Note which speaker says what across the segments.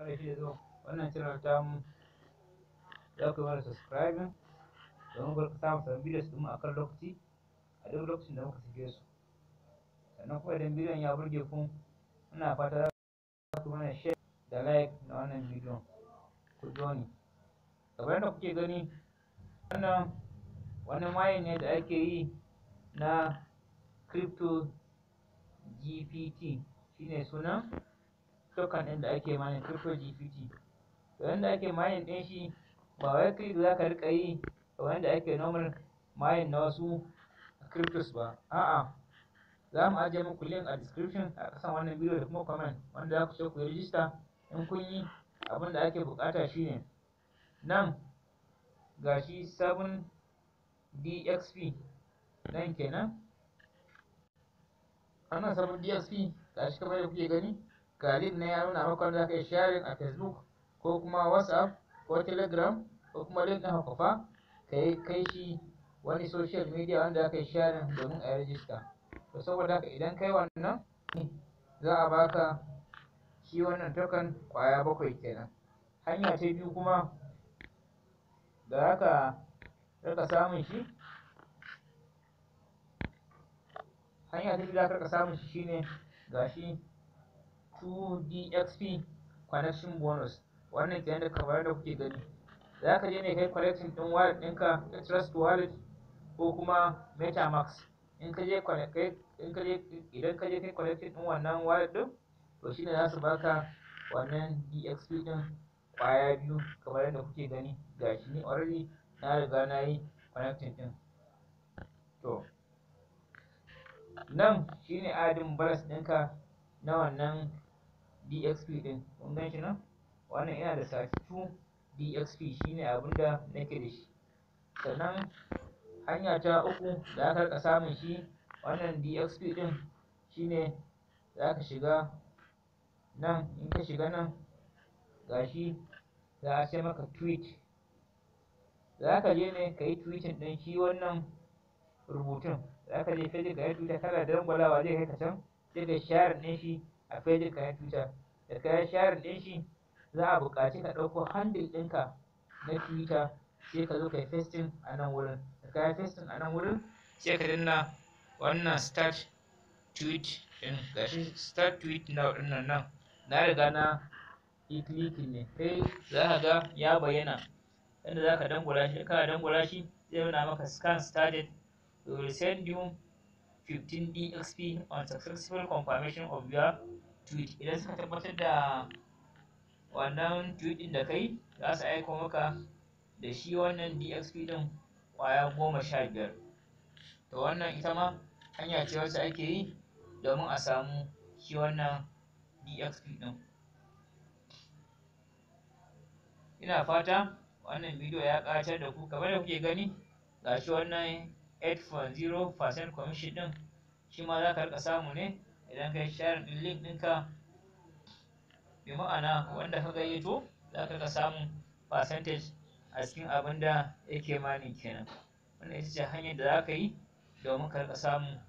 Speaker 1: kare shi zo wannan channel ta mu
Speaker 2: za ku mana subscribing
Speaker 1: domin ku samu sabbin videos ɗin a kan lokaci a duk lokacin da muka sake su sannan kuma idan bidiyon ya burge ku muna fata za ku mana share da like na wannan bidiyon ku joni kamar yadda kuke gani wannan wani maye ne da ake yi na crypto gpt shine sunan token ɗin da ake mining crypto gpt to yanda ake mining ɗin shi ba wai click za ka riƙa yi wanda ake normal mining na wasu cryptos ba a'a za mu ajiye muku link a description a ƙasan wannan bidiyo da kuma comment wanda za ku ce ku yi register in kun yi abin da ake buƙata ne. nan gashi sabon dxp nan kenan ana sabon dxp gashi kamar da kuke gani galib ne na ya nuna maka wanda yi sharing a facebook ko kuma whatsapp ko telegram ko kuma link na hakufa kai kai shi
Speaker 2: wani social media
Speaker 1: wanda yi sharing domin a register to saboda haka idan kai wannan za a baka shi wannan token kwaya bakwai kenan hanya ta biyu kuma da haka rika samun shi hanya ta biyu da aka rika samun shi shine gashi 2DXP connection bonus wannan kenan da kamar da kuke gani za ka je ne kai collecting din wallet ɗinka da trust wallet ko kuma MetaMax in ka je idan ka je kai collecting din wannan wallet ɗin to shi ne za su baka wannan DXP ɗin kwaya biyu kamar yadda kuke gani ga shi ne already na riga na yi connecting ɗin to nan shi ne adadin balas ɗinka na wannan DXP din kun gan shi nan wannan yana da sati 2 DXP shine abin da nake da shi sannan hanya ta uku da aka rika samun shi wannan DXP din shine za ka shiga nan in ka shiga nan gashi za a ce maka tweet za ka je ne ka yi tweeting din shi wannan rubutun za ka je facebook ka yi twitter kana dangwalawa zai kai ka can sai ka share ɗin shi a fejin ka na twitter da kayan share ɗin shi za a buƙaci ka ɗauko handle ɗinka na twitter sai ka zo ka yi festing a nan wurin da ka yi festing a nan wurin sai ka danna wannan start tweet ɗin shi start tweet na wannan nan na riga na yi clicking ne sai za ka ga ya bayyana inda za ka dangula shi ka dangula shi zai nuna maka scan started to send you 15 -DXP on successful confirmation of your tweet idan suka tabbatar da wannan tweet din da kai za su aiko maka da shi wannan dxp din kwaya goma sha biyar to wannan ita ma hanya ce wacce ake yi domin a samu shi wannan dxp din ina fata wannan bidiyo ya ƙatar da ku kamar da kuke gani ga shi wannan 8.0% commission din shi ma za ka rika samu ne idan ka yi sharing din link ɗinka bi ma'ana wanda ka gayyato za ka rika samu percentage a cikin abin da yake mani kenan wannan ita ce hanyar da za ka yi domin ka rika samu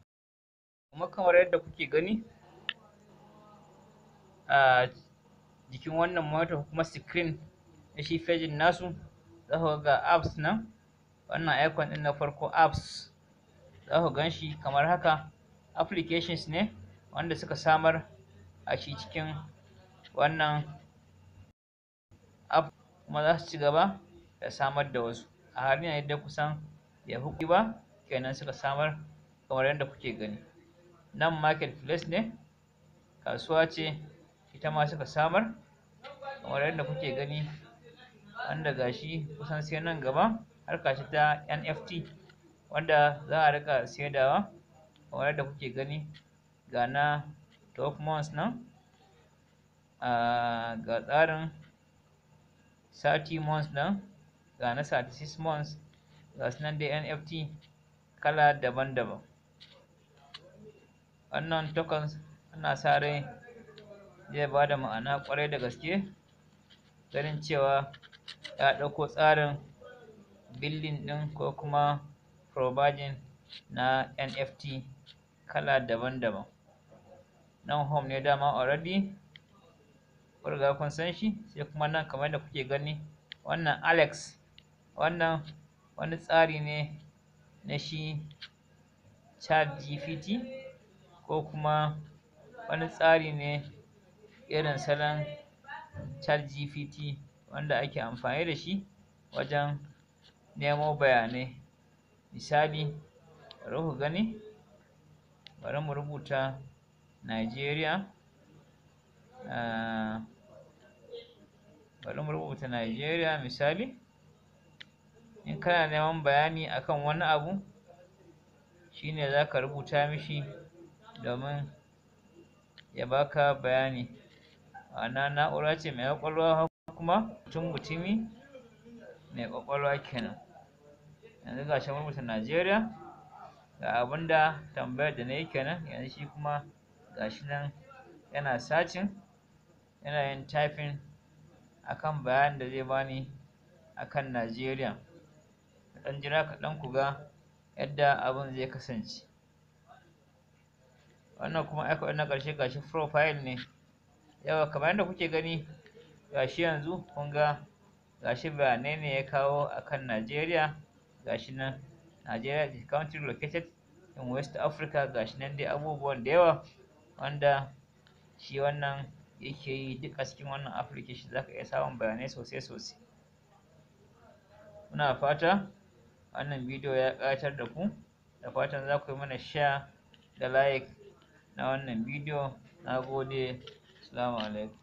Speaker 1: kuma kamar yadda kuke gani a jikin wannan motar kuma screen na shi fejin nasu za ga apps nan wannan icon ɗin na farko apps za ku gan shi kamar haka applications ne wanda suka samar a shi cikin wannan app kuma za su ci gaba da samar da wasu a halin yadda kusan ya fi ba kenan suka samar kamar yadda kuke gani nan marketplace ne kasuwa ce ita ma suka samar kamar yadda kuke gani wanda gashi kusan sai nan gaba harka ce ta NFT wanda za a rika saidawa kamar yadda kuke gani ga na months nan uh, ga tsarin 30 months nan ga na 36 months ga sunan da NFT kala daban-daban wannan tokens ana sa rai zai ba da ma'ana kwarai da gaske ganin cewa ya ɗauko tsarin billin ɗin ko kuma providing na NFT kala daban-daban nan home ne dama already kun kun san shi sai kuma nan kamar da kuke gani wannan Alex wannan wani tsari ne na shi GPT ko kuma wani tsari ne irin salon gpt wanda ake amfani da shi wajen nemo bayanai misali bari ku gani bari mu rubuta Najeriya ah, bari mu rubuta Najeriya misali in kana neman bayani akan wani abu shine zaka rubuta mishi domin ya baka bayani ana na'ura ce mai ƙwaƙwalwa kuma mutum mutumi mai ƙwaƙwalwa kenan yanzu ga shi Najeriya ga abin da tambayar da na yi kenan yanzu shi kuma ga nan yana sacin yana yin typing akan bayanin da zai bani akan Najeriya ɗan jira kaɗan ku ga yadda abin zai kasance wannan kuma aika wannan ƙarshe gashi profile ne yawa kamar yadda kuke gani gashi yanzu kun ga gashi bayanai ne ya kawo akan Najeriya gashi nan Nigeria is country located in West Africa gashi nan dai abubuwan da yawa wanda shi wannan yake yi duk a cikin wannan application zaka iya samun bayanai sosai sosai muna fata wannan bidiyo ya ƙatar da ku da fatan za ku yi mana share da like na wannan bidiyo na gode salamu alaikum